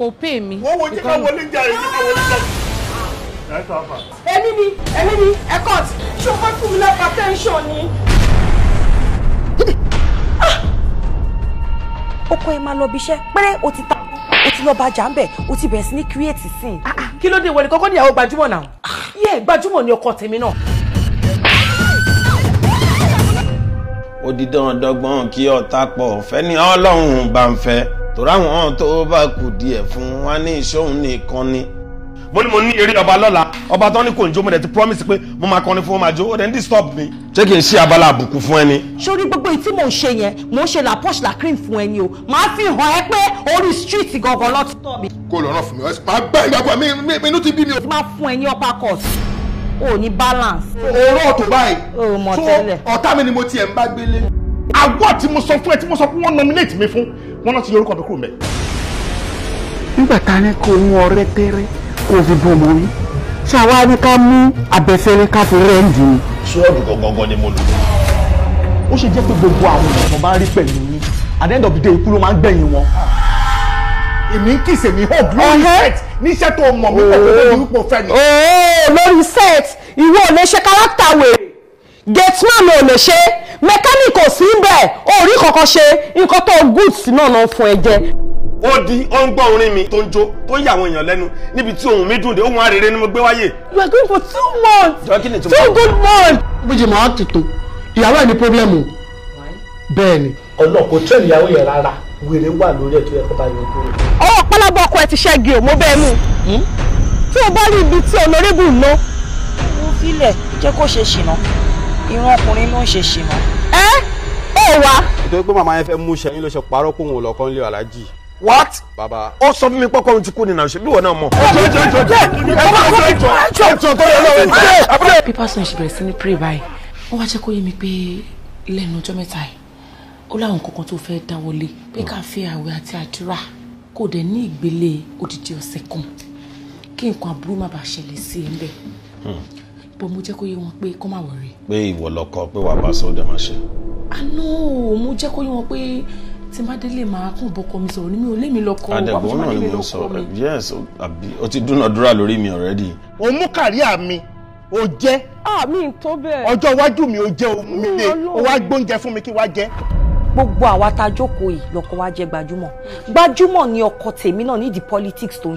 kò pè mí. wọ́n wo jẹ́ ká wọlé jà rẹ̀ jẹ́ ká wọlé jà rẹ̀. èmi ni èmi ni ecot ṣó fẹ́ fún mi lọ́pàá tẹ́ńṣọ̀n ni. Ah! ọkọ ẹ máa lọ bíṣẹ́ péré o ti ta o ti lọ bá jà ń bẹ̀ o ti bẹ̀rẹ̀ sí ní kírètì sí ah, ah, kí ló dé wọlé kọ́kọ́ níyàwó gbajúmọ̀ náà yẹ gbajúmọ̀ ni ọkọ tèmi náà. ó di dandan dọ́gbọ́n kí ọ̀tá pọ̀ fẹ́ni ọlọ́run bá ń fẹ́ torí àwọn ọ̀hún tó bá kù díẹ̀ fún wa ní ìṣóhun nìkan ni. mo ní mo ní eré ọba lọ́la ọba tán ní kò ń jó mo dẹ̀ ti promise pé mo máa kọrin fún ọmọ àjò ó dẹ̀ ń disturb mi. ṣé kì í ṣe abala àbùkù fún ẹni. sórí gbogbo ìtí mò ń ṣe yẹn mò ń ṣe la posh la cream fún ẹni o máa fi hàn ẹ́ pé orí street gangan lọ ti tọ́ mi. kó lọ rán fún mi máa gbá ìgbàgbọ́ mi inú ti bí mi o. máa fún ẹ ní upper o ní balance. òórọ̀ tó báyìí. o ọ̀tá mi ni mo tiẹ̀ ń bá gbélé. àgọ́ tí mo sọ fún ẹ tí mo sọ fún wọn nominate mi fún wọ́n náà ti yorùkọ mi kúrò mẹ́. nígbà tá a ní kó mú ọrẹ tẹrẹ kó o fi bọ ọmọ yìí ṣàwa ni ká mú abẹfẹrẹ ká fi rẹǹdì ni. sọọdù gangan ni mo lò. ó ṣe jẹ́ pé gbogbo àwọn èèyàn bá rí pẹ̀lú yín at end of the day ikú ló máa ń gbẹ̀yìn wọn èmi kì í ṣe mi hàn oh, lórí set níṣẹ́ tó mọ̀ mí pẹ̀lú oh. oh, lórí set ìwọ ò lè ṣe káràkítà wèrè gateman ò lè ṣe mechanic ò sí bẹ́ẹ̀ orí kankan ṣe nǹkan tó goods náà náà fún ẹ jẹ. ó di ó orin mi tó ń jó tó ń yà àwọn èèyàn lẹ́nu níbi tí ohun mi dùn dé ohun arére ni mo gbé wáyé. you are going for two months two good months. méjì máa tètò ìyàwó ẹ ní pọ́blẹ́mù bẹ́ẹ̀ ni. ọlọ́kọ̀ tẹ́lẹ̀ ìyàwó yẹn rárá wèrè wà lórí ẹ̀ tó yẹ kó bá yọ kúrò. ọwọ́ pálábọ̀ ọkọ ẹ ti ṣẹ́gi ò mọ́ bẹ́ẹ̀ mú hmm? tí o bá rí ibi tí honorable ná. mo filẹ̀ jẹ́ kó ṣe ṣìnà ìran ọkùnrin ló ń ṣe ṣìnà. ẹ ẹ wá. nítorí pé màmá yẹn fẹ́ mú ṣẹ́yìn ló ṣe parọ́ pé òun lọ́kọ́ ń lé aláàjì. what. baba ó sọ fún mi pọ́kọ́ ohun tí kú ni nàá ṣe bí wọn náà mọ̀. ẹjọ ẹjọ ẹjọ ẹjọ ẹjọ ẹjọ ẹjọ tó yẹ lọ́wọ́ ẹjọ abúlé. pípa sàn ṣe bẹ̀rẹ̀ sí ní pray báyìí wọ́n wá jẹ́ kó yé mi pé lẹ́nu ọjọ́ mẹ́ta yìí ó láwọn kankan tó fẹ́ dáwọ́lé pé ká fi àwẹ̀ àti àdúrà kò dẹ̀ ní ìgbélé odidi ọ̀sẹ̀ kan kí nǹkan aburú má bàa ṣẹlẹ̀ sí i ń bẹ̀ bọ̀ mo jẹ́ kó yé wọn pé kó má wọ̀rẹ́. pé ìwọ lọkọ pé wàá bá sọ́dọ̀ máa ṣe. àná ah, mo jẹ́ kó yé wọn pé tí má délé máa kún bọ́kọ mi sọ̀rọ̀ nínú ilé mi lọ́kọ àdẹ̀bọ̀ náà ni mo sọ yes àbí o ti dúnàdúrà lórí mi already. o mú kàríà mi o jẹ́. àmì ah, tó bẹ́ẹ̀. ọjọ́ iwájú mi o jẹ́ omi lé o wá gbóúnjẹ fún mi kí wá jẹ́ gbogbo àwa tá a jókòó yìí lọkọ wa jẹ gbajúmọ̀ gbajúmọ̀ ni ọkọ tèmi náà nídìí politics tó ń